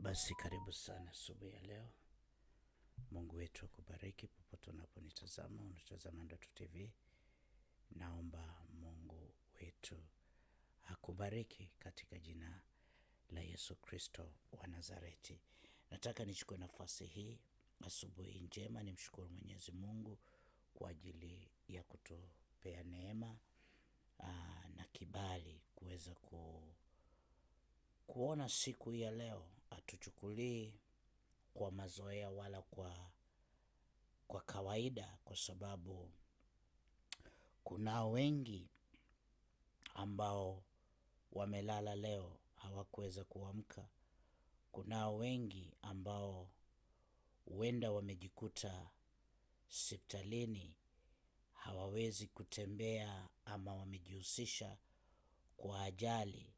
Basi karibu sana asubuhi ya leo. Mungu wetu akubariki popote unaponitazama, unatazama Ndoto TV. Naomba Mungu wetu akubariki katika jina la Yesu Kristo wa Nazareti. Nataka nichukue nafasi hii asubuhi njema, nimshukuru Mwenyezi Mungu kwa ajili ya kutupea neema aa, ah, na kibali kuweza ku, kuona siku ya leo hatuchukulii kwa mazoea wala kwa, kwa kawaida, kwa sababu kunao wengi ambao wamelala leo hawakuweza kuamka. Kunao wengi ambao huenda wamejikuta hospitalini hawawezi kutembea ama wamejihusisha kwa ajali,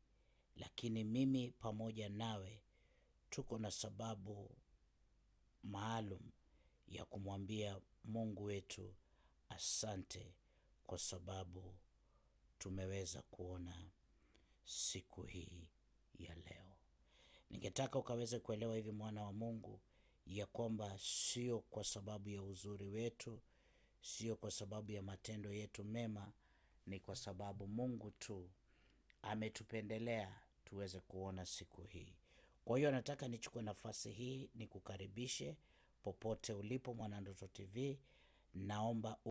lakini mimi pamoja nawe tuko na sababu maalum ya kumwambia Mungu wetu asante kwa sababu tumeweza kuona siku hii ya leo. Ningetaka ukaweze kuelewa hivi, mwana wa Mungu, ya kwamba sio kwa sababu ya uzuri wetu, sio kwa sababu ya matendo yetu mema, ni kwa sababu Mungu tu ametupendelea tuweze kuona siku hii. Kwa hiyo nataka nichukue nafasi hii nikukaribishe popote ulipo Mwanandoto TV, naomba